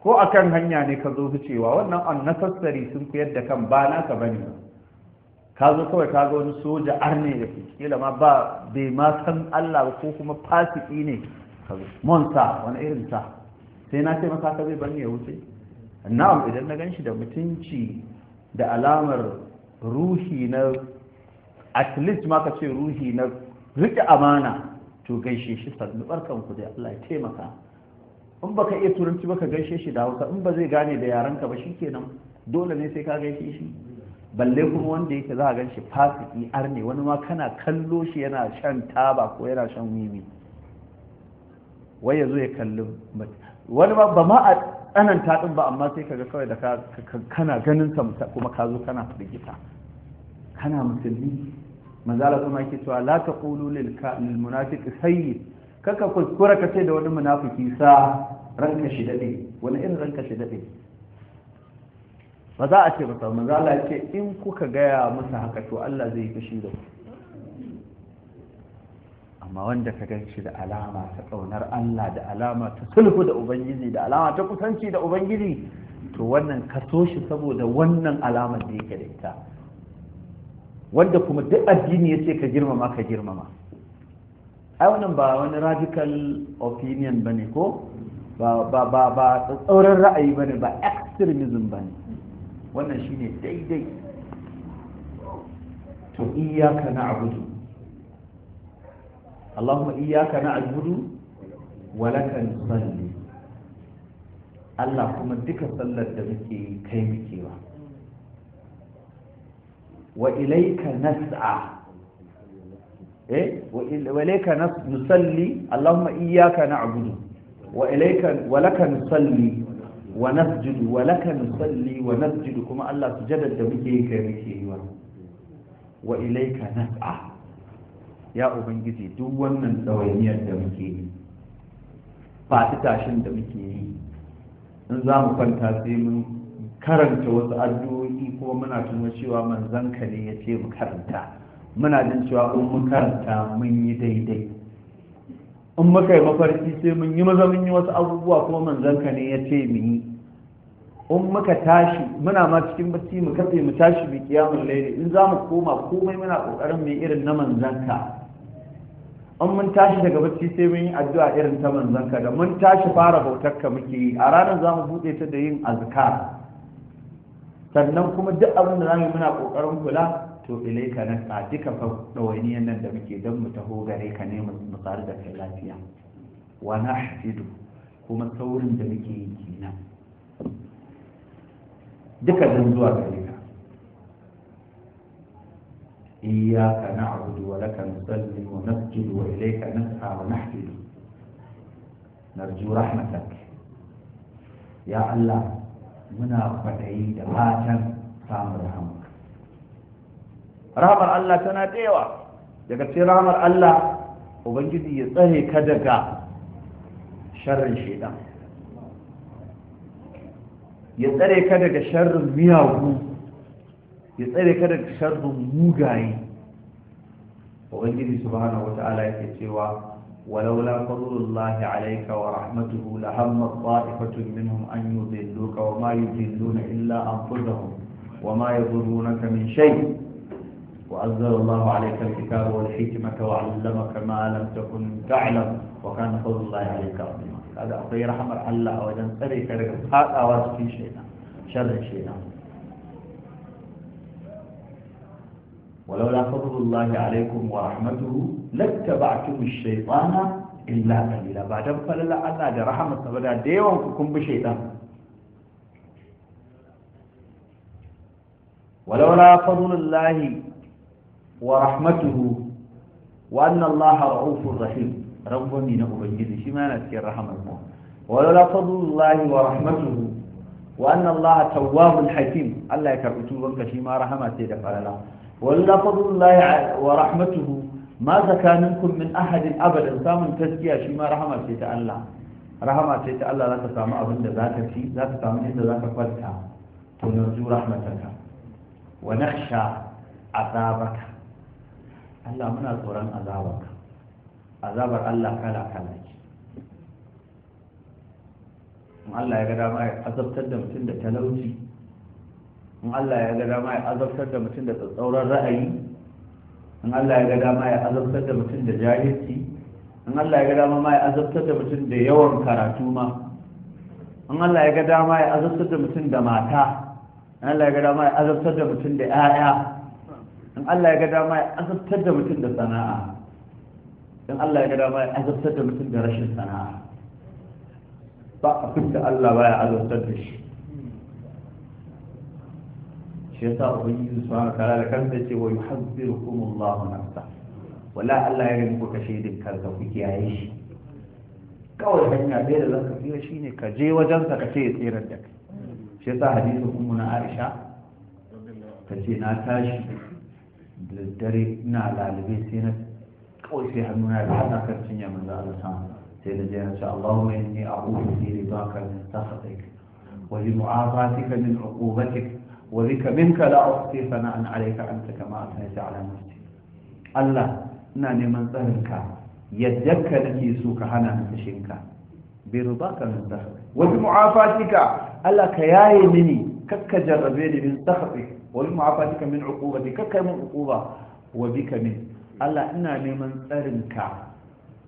Speaker 1: ko a kan hanya ne ka zo cewa wannan na sassari sun koyar da kan ba ka bane ka zo kawai ka ga wani soja arne da kila ma ba bai ma san Allah ko kuma fasiki ne ka zo monta wani irin ta sai na ce maka ka zai bar ya wuce na'am idan na ganshi da mutunci da alamar ruhi na at least ma ka ce ruhi na rike amana to gaishe shi sannu barkan ku dai Allah ya taimaka in ka iya turanci ba ka gaishe shi da hausa in ba zai gane da yaran ka ba kenan dole ne sai ka gaishe shi balle kuma wanda yake za a gan shi fasiki arne wani ma kana kallo shi yana shan taba ko yana shan wiwi wai ya zo ya kalli wani ba ma a tsananta din ba amma sai ga kawai da kana ganin sa kuma ka zo kana firgita kana musulmi manzala kuma yake cewa la taqulu lil munafiqi sayyid kaka kuskura ka ce da wani munafiki sa ranka shi dade wani irin ranka shi dade ba za a ce ba samu za a ce in kuka gaya masa haka to Allah zai fushi da ku amma wanda ka gan shi da alama ta ƙaunar Allah da alama ta sulhu da Ubangiji da alama ta kusanci da Ubangiji to wannan ka so shi saboda wannan alamar da yake da ita wanda kuma duk addini ya ce ka girmama ka girmama ai wannan ba wani radical opinion ba ne ko ba ba ba tsauran ra'ayi ba ne ba extremism ba ne wannan shi ne daidai to iyaka na abudu allahumma iyaka na abudu walakan salli allah kuma duka sallar da muke kai muke wa wa ilaika nas'a E wa ilayka nusalli allahumma iyyaka na'budu wa ilayka wa laka nusalli kuma Allah sujadar da muke yi kai muke yi wa wa ilayka nas'a ya ubangiji duk wannan tsawainiyar da muke yi fati tashin da muke yi in za mu kwanta sai mun karanta wasu addu'o'i kuma muna tuno cewa manzon ka ne ya ce mu karanta muna jin cewa in mun karanta mun yi daidai in muka yi mafarki sai mun yi maza mun yi wasu abubuwa kuma manzanka ne ya ce mu yi in muka tashi muna ma cikin bacci mu kafe mu tashi mu kiyamun laili in za mu koma komai muna kokarin mu irin na manzanka in mun tashi daga bacci sai mun yi addu'a irin ta manzanka da mun tashi fara bautar ka muke yi a ranar za mu buɗe ta da yin azkar sannan kuma duk abin da za mu muna kokarin kula to ilaika na a duka ɗawainiyan nan da muke don mu taho gare ka ne mu tsari da kai lafiya wa na hasidu kuma saurin da muke yi kina duka don zuwa gare ka iyaka na abudu wa laka musalli wa nasjidu wa ilaika sa wa nahfidu narju rahmatak ya Allah muna kwaɗayi da fatan samun rahama rahamar Allah tana da yawa daga cikin rahamar Allah ubangiji ya tsare ka daga sharrin shaidan ya tsare ka daga sharrin miyagu ya tsare ka daga sharrin mugaye ubangiji subhanahu wata'ala yake cewa ولولا فضل الله عليك ورحمته لهم طائفة منهم أن يضلوك وما يضلون إلا أنفسهم وما يضرونك من شيء وأنزل الله عليك الكتاب والحكمة وعلمك ما لم تكن تعلم وكان فضل الله عليك عظيما هذا أخي رحمة الله وإذا سري كذلك هذا أواز في شيئا شر شيئا ولولا فضل الله عليكم ورحمته لاتبعتم الشيطان إلا قليلا بعد فلا الله ده رحمة بدا ديوانكم بشيطان ولولا فضل الله ورحمته وأن الله رؤوف رحيم ربني نبغيه شما نسكي رحمه الله ولولا فضل الله ورحمته وأن الله تواب حكيم الله يكرم توبك شما رحمة دفع الله ولولا فضل الله ورحمته ما زكى منكم من أحد أبدا سامن تزكية شما رحمة الله رحمة الله لا تسامع أبدا ذاك في لا تسامع إذا ذاك فتح ونرجو رحمتك ونخشى عذابك Allah muna tsoron azabarka azabar Allah kala kala ce in Allah ya ga dama ya azabtar da mutum da talauci in Allah ya ga dama ya azabtar da mutum da tsatsauran ra'ayi in Allah ya ga dama ya azabtar da mutum da jahilci in Allah ya ga dama ma ya azabtar da mutum da yawan karatu ma in Allah ya ga dama ya azabtar da mutum da mata in Allah ya ga dama ya azabtar da mutum da 'ya'ya in Allah ya ga dama ya azabtar da mutum da sana'a in Allah ya ga dama ya azabtar da mutum da rashin sana'a ba a da Allah baya azabtar da shi shi yasa ubangiji su wa ta'ala da kansa ce wa yuhazzirukum Allah nafsa wala Allah ya gani kuka shaidin kanka ku kiyaye shi kawai hanya bai da zaka tsira shine ka je wajensa ka ce ya tsirar da kai shi yasa hadisin ummu na Aisha ta ce na tashi da dare ina lalibai sai na kawai sai hannuna da haɗa kan cinya manzo Allah sama sai na je na ce Allahumma inni a'udhu bi ridaka min sakhatik wa bi mu'afatika min 'uqubatik wa bika minka la uhsi sana'an 'alayka anta kama asnayta 'ala nafsi Allah ina neman tsarinka yadda ka nake so ka hana ni kashinka bi ridaka min sakhatik wa bi mu'afatika Allah ka yaye mini kakka jarrabe ni min sakhatik wal mu'afatika min uqubati ka kai mun uquba wa bika min Allah ina neman tsarin ka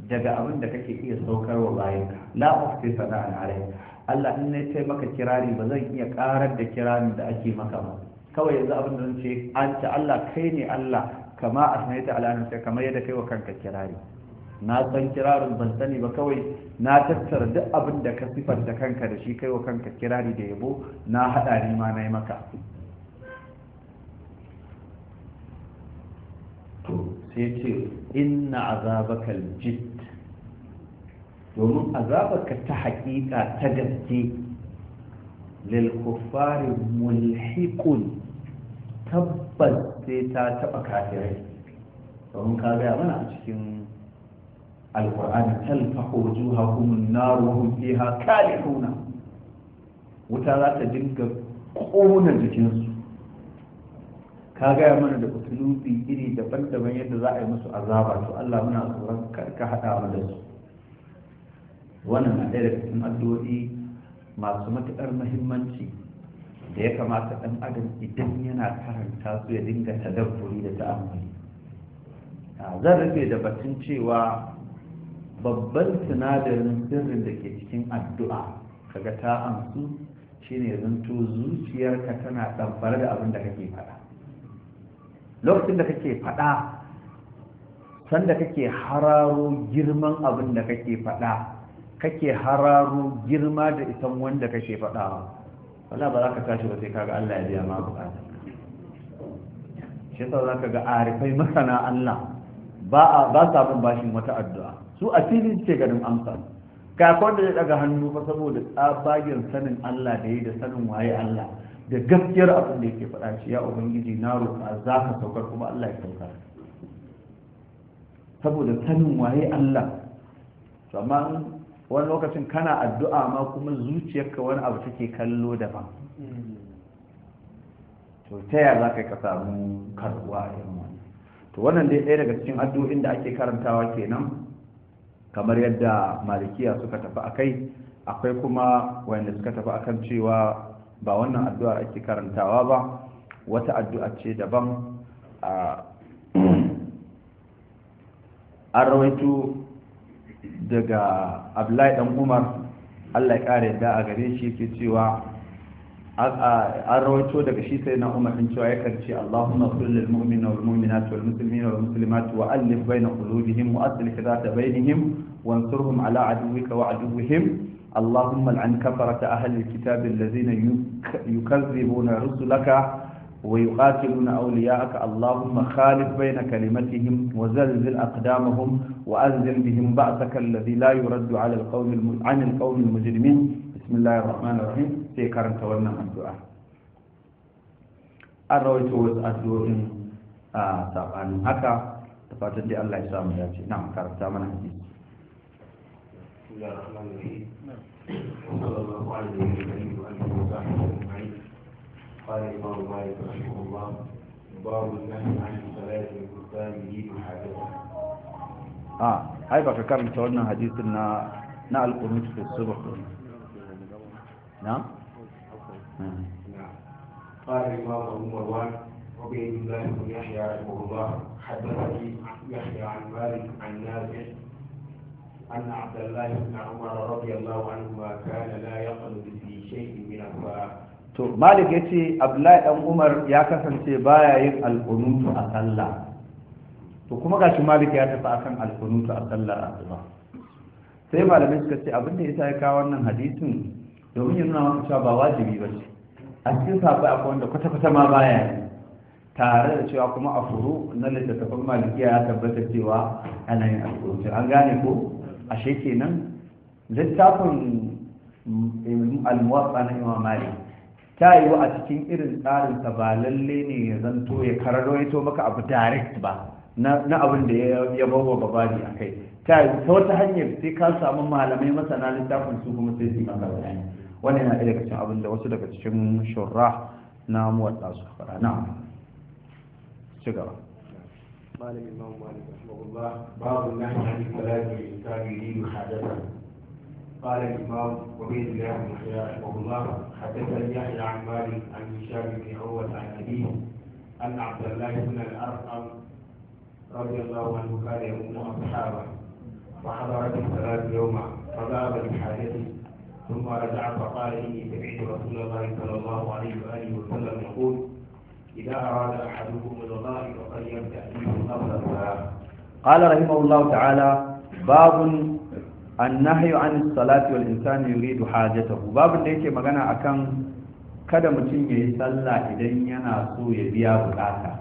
Speaker 1: daga abin da kake iya saukarwa bayanka la uhsi sana'an alai Allah in ne sai maka kirari ba zan iya karar da kirarin da ake maka ba kawai yanzu abin da zan ce an ta Allah kai ne Allah kama asnaita ala nafsi kamar yadda kai wa kanka kirari na san kirarin ban sani ba kawai na tattara duk abin da ka sifar da kanka da shi kai wa kanka kirari da yabo na haɗa ni ma na yi maka sai ce inna azabaka aljid domin azabaka ta haƙiƙa ta gaske lil mulhiƙun tabbas sai ta taɓa kafirai domin ka gaya mana a cikin alkur'ani talfahu wujuhakum an-nar wa fiha kalihuna wuta za ta dinga ƙona jikinsu ka gaya mana da usulubi iri daban-daban yadda za a yi musu azaba to Allah muna tsoron ka haɗa mu da su wannan na ɗaya daga cikin addu'o'i masu matuƙar muhimmanci da ya kamata ɗan adam idan yana karanta su ya dinga tadabburi da ta'ammuli zan rufe da batun cewa babban sinadarin sirrin da ke cikin addu'a kaga ta amsu shine zanto zuciyarka tana ɗamfare da abin da kake faɗa lokacin da kake faɗa sanda kake hararo girman abin da kake faɗa kake hararo girma da isan wanda kake faɗawa wala ba za ka tashi ba sai kaga Allah ya biya ma bukata shi yasa za ka ga arifai masana Allah ba ba sa bin bashin wata addu'a su a fili suke ganin amsa ka da ya daga hannu fa saboda tsabagen sanin Allah da yi da sanin waye Allah da gaskiyar abin da yake faɗa shi ya ubangiji na roƙa za ka saukar kuma Allah ya saukar saboda sanin waye Allah to amma wani lokacin kana addu'a ma kuma zuciyarka wani abu take kallo daban to ta yaya za ka yi ka samu karuwa irin wani to wannan dai ɗaya daga cikin addu'o'in da ake karantawa kenan kamar yadda malikiya suka tafi akai akwai kuma wanda suka tafi akan cewa ba wannan addu'ar ake karantawa ba wata addu'a ce daban a an rawaito daga abdullahi dan umar allah ya kare da a gare shi ke cewa an rawaito daga shi sai na umar din cewa yakan ce allahumma kulli lil mu'mina wal mu'minati wal muslimina wal muslimati wa allif baina qulubihim wa aslih dhata bainihim wansurhum ala aduwwika wa him. اللهم لعن كفرة أهل الكتاب الذين يكذبون رسلك ويقاتلون أولياءك اللهم خالف بين كلمتهم وزلزل أقدامهم وأنزل بهم بأسك الذي لا يرد على القوم عن القوم المجرمين بسم الله الرحمن الرحيم في كرم تولنا من دعاء الرويت والأدور طبعا هكا تفاتن الله يسامح نعم كرم تامنا حديث بسم الله الرحمن الرحيم صلى الله عليه وسلم وآله وصحبه أجمعين قال الإمام مالك رحمه الله باب النهي عن صلاة البستان به آه هاي بقى مثلنا حديث حديثنا نقل قنوت في الصبح نعم نعم قال الإمام أبو مروان وبين الله يحيى رحمه الله حدثني يحيى عن مالك عن نافع أن عبد الله بن عمر رضي الله عنهما كان لا يقلد في شيء من الصلاة to malik ya ce abdullahi dan umar ya kasance baya yin alkunutu a sallah to kuma gashi malik ya tafi akan alkunutu a sallah asuba sai malamai suka ce abin da yasa ya kawo wannan hadisin domin ya nuna maka cewa ba wajibi ba ce a cikin sabai akwai wanda kwata-kwata ma baya yi tare da cewa kuma a furu na littattafan malikiya ya tabbata cewa ana yin alkunutu an gane ko ashe kenan littafin almuwatsa na imam malik ta yi wa a cikin irin tsarinsa ba lalle ne ya zanto ya karado ya to maka abu direct ba na abin da ya bawa babari a kai ta yi ta wata hanyar sai ka samu malamai masana littafin su kuma sai su maka bayani wannan yana ɗaya daga cikin abin da wasu daga cikin shurra na muwatsa su fara na ci gaba قال الإمام مالك رحمه الله باب النهي عن الصلاة يريد حدثا قال الإمام وبيد الله بن حياء رحمه الله حدثني يحيى عن مالك عن هشام بن عروة عن أبيه أن عبد الله بن الأرقم رضي الله عنه كان يؤم أصحابه فحضرت الثلاث يوما فذهب لحاجته ثم رجع فقال إني سمعت رسول الله صلى الله عليه وآله وسلم يقول إذا أراد أحدكم الغاء فقيم تأتيه قبل babu, قال رحمه الله تعالى باب النهي عن الصلاة والإنسان يريد حاجته باب da yake magana akan kada mutum ya yi sallah idan yana so ya biya bukata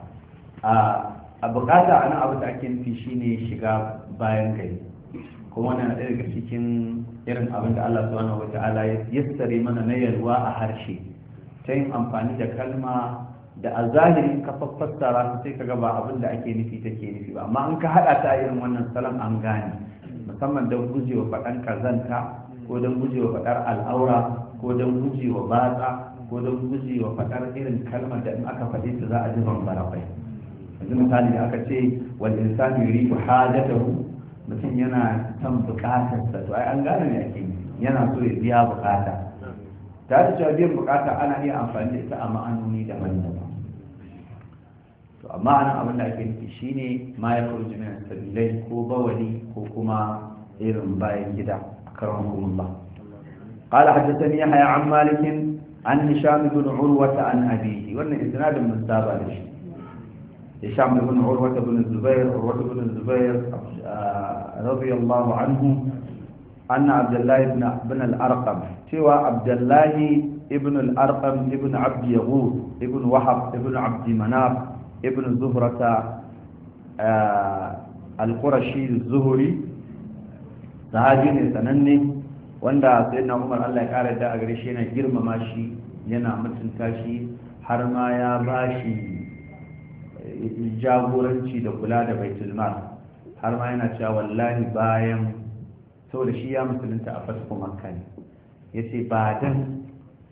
Speaker 1: a bukata ana abu da ake nufi shine shiga bayan kai kuma wannan na daga cikin irin abin da Allah subhanahu wa ta'ala ya yassare mana na yalwa a harshe ta yin amfani da kalma da a zahiri ka fassara su sai kaga ba abin da ake nufi take nufi ba amma in ka haɗa ta irin wannan salon an gane musamman don gujewa faɗan kazanta ko don gujewa faɗar al'aura ko don gujewa batsa ko don gujewa faɗar irin kalmar da in aka faɗe ta za a ji bambara kwai yanzu misali da aka ce wani insani yuridu hajatahu mutum yana son bukatarsa to ai an gane ne ake yana so ya biya bukata ta da cewa biyan bukata ana iya amfani da ita a ma'anoni daban-daban to amma anan abin da ake nufi shine ma ya kurji min sabilai ko bawali ko kuma irin bayan gida karamakumullah قال حدثني يحيى عن مالك عن هشام بن عروة عن أبيه وأن إسناد من سابع هشام بن عروة بن الزبير عروة بن الزبير رضي الله عنه أن عبد الله بن بن الأرقم سوى عبد الله ابن الأرقم ابن عبد يغوث ابن وهب ابن عبد مناف ibn zuhrata al-qurashi zuhuri sahabi ne sananne wanda sayyidina umar Allah ya kare da a gare shi yana girmama shi yana mutunta shi har ma ya ba shi jagoranci da kula da baitul mal har ma yana cewa wallahi bayan saboda shi ya musulunta a fasfo makka ne yace ba dan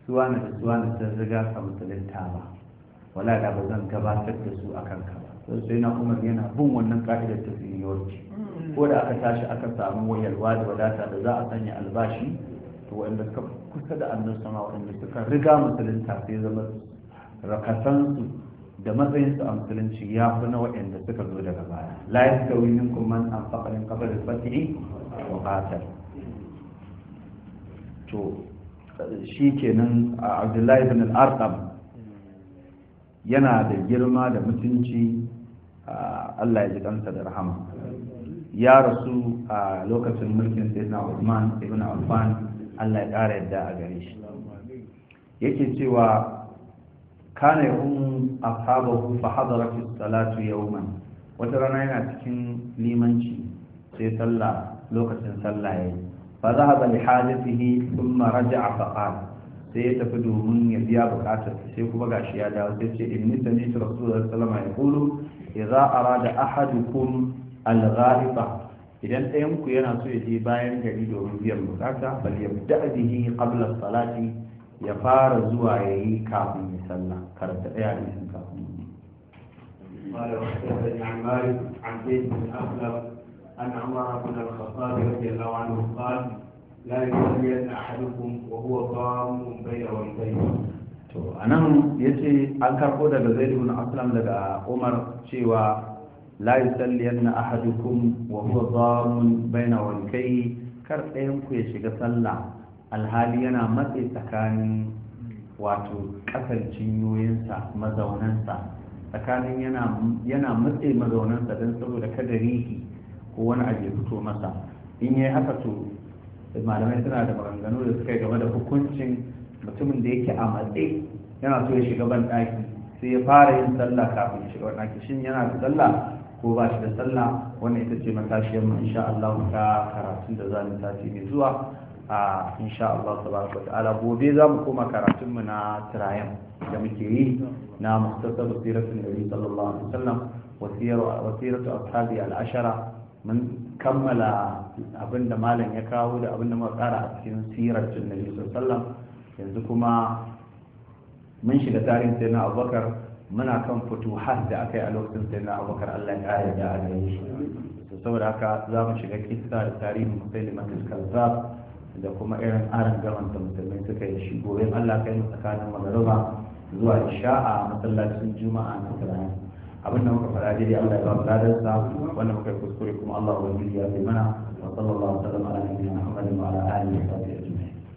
Speaker 1: suwana da suwana sun zaga ka musulunta ba wala da ba zan gabatar da su akan ka ba sai na kuma yana bin wannan ka'idar ta seniority mm. ko da aka tashi aka samu wayarwa da wadata da za a sanya albashi to wanda suka kusa da annan sama wanda suka riga musulunta sai zama rakasansu da matsayinsu a musulunci ya fi na waɗanda suka zo daga baya la yastawi minkum kuma anfaqa min qabl da fathi wa qatal to shi kenan abdullahi bin al-arqam yana da girma da mutunci Allah ya ji ɗansa da rahama ya rasu a lokacin mulkin sayyidina Usman ibn Affan Allah ya ƙara yadda a gare shi yake cewa kana yawm ashabahu fa hadarat as-salatu yawman wata rana yana cikin limanci sai sallah lokacin sallah yayi fa dhahaba li hajatihi thumma raja'a fa qala sai ya tafi domin ya biya bukatar sai kuma gashi ya dawo sai ce inni sami rasulullahi sallallahu alaihi wasallam ya za a rada ahadukum al-ghaiba idan ɗayan ku yana so ya je bayan gari domin biyan bukata bal yabda bihi qabla salati ya fara zuwa yayi kafin ya sallah karanta ɗaya ne kafin ya قال وحدثني عن مالك عن زيد بن اسلم عن عمر بن الخطاب رضي الله عنه قال la yusalli ahadukum wa huwa qamun bayna wajhayhi to anan ce an karbo daga zaid ibn aslam daga umar cewa la yusalli anna ahadukum wa huwa dhamun baina wankai kar ɗayan ku ya shiga sallah alhali yana matse tsakanin wato kasar cinyoyinsa mazaunansa tsakanin yana yana matse mazaunansa don saboda kada rihi ko wani abu ya fito masa in yayi haka to malamai suna da maganganu da suka yi game da hukuncin mutumin da yake a matsayi yana so ya shiga ban ɗaki sai ya fara yin sallah kafin ya shiga ban ɗaki shin yana da sallah ko ba shi da sallah wannan ita ce matashiyar mu insha Allah ta karatun da zamu tafi mai zuwa a insha Allah tabaraka ta'ala gobe zamu koma karatun mu na tirayen da muke yi na mustasab siratul nabi sallallahu alaihi wasallam wasiratu ashabi al-ashara mun kammala abin da malam ya kawo da abin da muka kara a cikin sirar nabi sallallahu yanzu kuma mun shiga tarihin sayyidina abubakar muna kan futuhat da aka yi a lokacin sayyidina abubakar Allah ya kare da alayi to saboda haka za mu shiga kisa da tarihin musailima kazzab da kuma irin aran gaban da musulmai suka yi shi goyon Allah kai mu tsakanin magariba zuwa isha'a masallacin juma'a na tsakanin abin da muka faɗa daidai Allah ya ba mu ladan sa wannan muka yi kuskure kuma Allah ya yi mana wa sallallahu alaihi wa sallam ala nabiyyina Muhammadin wa ala alihi wa sahbihi